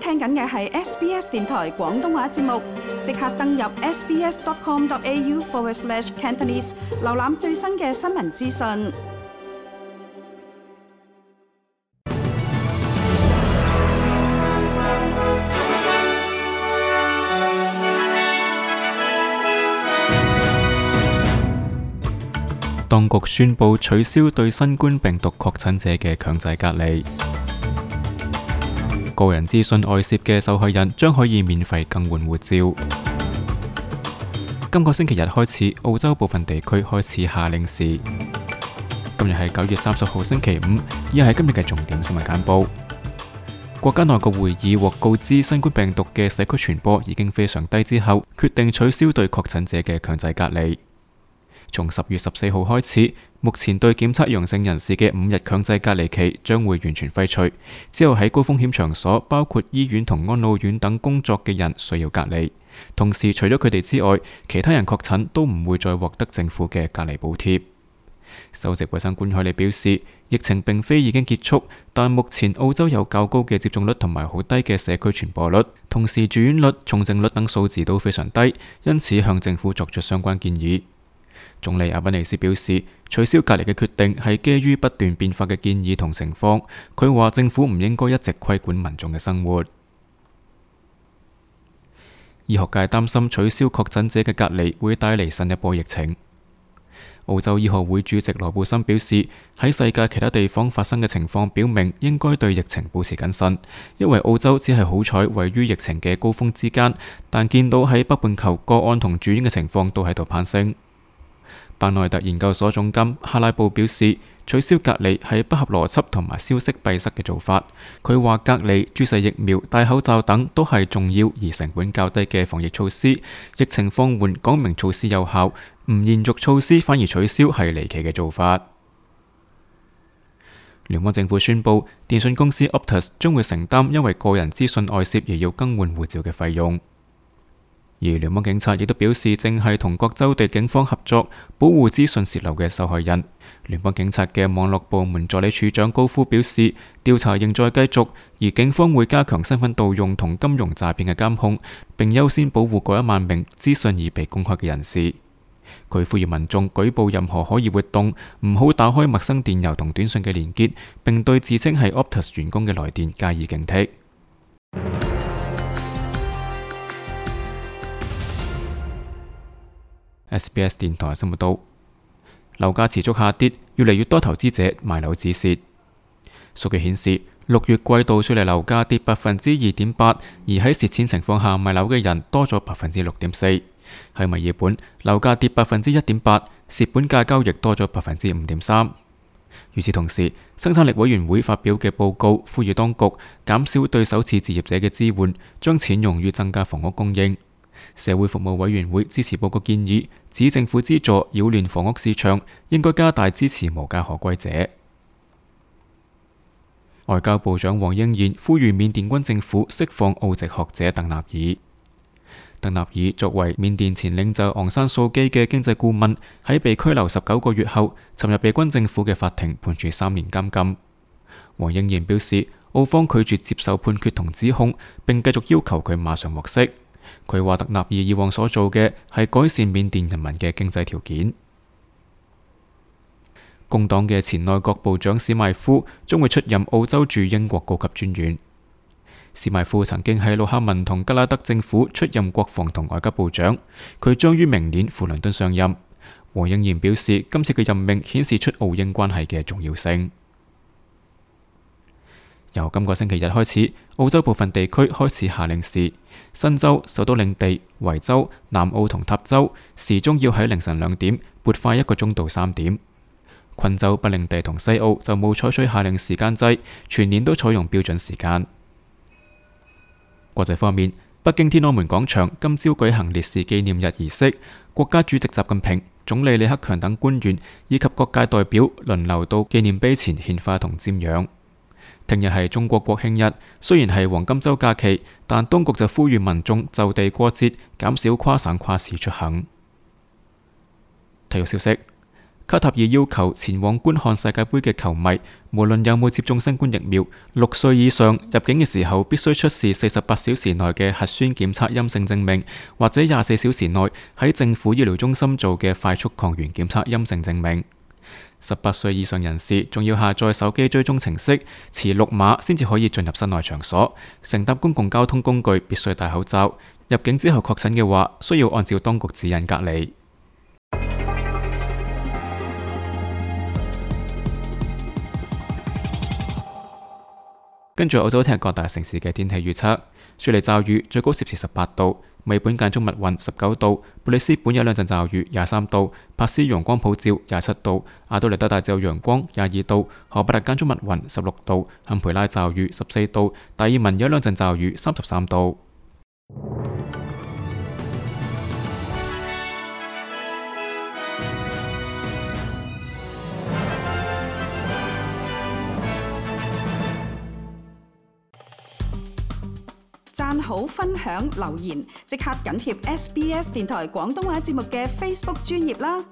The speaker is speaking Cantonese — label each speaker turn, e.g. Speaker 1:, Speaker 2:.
Speaker 1: 聽緊嘅係 SBS 電台廣東話節目，即刻登入 sbs.com.au/cantonese，瀏覽最新嘅新聞資訊。當局宣布取消對新冠病毒確診者嘅強制隔離。個人資訊外泄嘅受害人將可以免費更換護照。今個星期日開始，澳洲部分地區開始夏令時。今日係九月三十號星期五，亦係今日嘅重點新聞簡報。國家內閣會議獲告知新冠病毒嘅社區傳播已經非常低之後，決定取消對確診者嘅強制隔離。從十月十四號開始，目前對檢測陽性人士嘅五日強制隔離期將會完全廢除。之後喺高風險場所，包括醫院同安老院等工作嘅人需要隔離。同時，除咗佢哋之外，其他人確診都唔會再獲得政府嘅隔離補貼。首席衛生官海利表示，疫情並非已經結束，但目前澳洲有較高嘅接種率同埋好低嘅社區傳播率，同時住院率、重症率等數字都非常低，因此向政府作出相關建議。總理阿賓尼斯表示，取消隔離嘅決定係基於不斷變化嘅建議同情況。佢話政府唔應該一直規管民眾嘅生活。醫學界擔心取消確診者嘅隔離會帶嚟新一波疫情。澳洲醫學會主席羅布森表示，喺世界其他地方發生嘅情況表明應該對疫情保持謹慎，因為澳洲只係好彩位於疫情嘅高峰之間，但見到喺北半球個案同住院嘅情況都喺度攀升。伯內特研究所總監哈拉布表示，取消隔離係不合邏輯同埋消息閉塞嘅做法。佢話隔離、注射疫苗、戴口罩等都係重要而成本較低嘅防疫措施。疫情放緩，講明措施有效，唔延續措施反而取消係離奇嘅做法。聯邦政府宣布，電信公司 Optus 將會承擔因為個人資訊外泄而要更換護照嘅費用。而聯邦警察亦都表示，正係同各州地警方合作，保護資訊洩漏嘅受害人。聯邦警察嘅網絡部門助理處長高夫表示，調查仍在繼續，而警方會加強身份盜用同金融詐騙嘅監控，並優先保護嗰一萬名資訊已被公開嘅人士。佢呼籲民眾舉報任何可疑活動，唔好打開陌生電郵同短信嘅連結，並對自稱係 Optus 員工嘅來電加以警惕。SBS 電台新聞報道，樓價持續下跌，越嚟越多投資者賣樓止蝕。數據顯示，六月季度悉尼樓價跌百分之二點八，而喺蝕錢情況下賣樓嘅人多咗百分之六點四。喺墨爾本，樓價跌百分之一點八，蝕本價交易多咗百分之五點三。與此同時，生產力委員會發表嘅報告，呼籲當局減少對首次置業者嘅支援，將錢用於增加房屋供應。社會服務委員會支持報告建議，指政府資助擾亂房屋市場，應該加大支持無家可歸者。外交部長黃英賢呼籲緬甸軍政府釋放澳籍學者鄧納爾。鄧納爾作為緬甸前領袖昂山素基嘅經濟顧問，喺被拘留十九個月後，尋日被軍政府嘅法庭判處三年監禁。黃英賢表示，澳方拒絕接受判決同指控，並繼續要求佢馬上獲釋。佢話特納爾以往所做嘅係改善緬甸人民嘅經濟條件。工黨嘅前內閣部長史麥夫將會出任澳洲駐英國高級專員。史麥夫曾經喺陸克文同吉拉德政府出任國防同外交部長，佢將於明年赴倫敦上任。黃英賢表示，今次嘅任命顯示出澳英關係嘅重要性。由今個星期日開始，澳洲部分地區開始夏令時。新州首都領地、維州、南澳同塔州時鐘要喺凌晨兩點撥快一個鐘到三點。昆州、北領地同西澳就冇採取夏令時間制，全年都採用標準時間。國際方面，北京天安門廣場今朝舉行烈士紀念日儀式，國家主席習近平、總理李克強等官員以及各界代表輪流到紀念碑前獻花同瞻仰。聽日係中國國慶日，雖然係黃金周假期，但當局就呼籲民眾就地過節，減少跨省跨市出行。體育消息：卡塔爾要求前往觀看世界杯嘅球迷，無論有冇接種新冠疫苗，六歲以上入境嘅時候必須出示四十八小時內嘅核酸檢測陰性證明，或者廿四小時內喺政府醫療中心做嘅快速抗原檢測陰性證明。十八歲以上人士仲要下載手機追蹤程式，持綠碼先至可以進入室內場所。乘搭公共交通工具必須戴口罩。入境之後確診嘅話，需要按照當局指引隔離。 跟住澳洲聽日各大城市嘅天氣預測。雪梨驟雨，最高攝氏十八度；墨本間中密雲，十九度；布里斯本有兩陣驟雨，廿三度；珀斯陽光普照，廿七度；阿都萊德大致有陽光，廿二度；荷伯特間中密雲，十六度；堪培拉驟雨，十四度；達爾文有兩陣驟雨，三十三度。好分享留言，即刻緊貼 SBS 電台廣東話節目嘅 Facebook 專頁啦！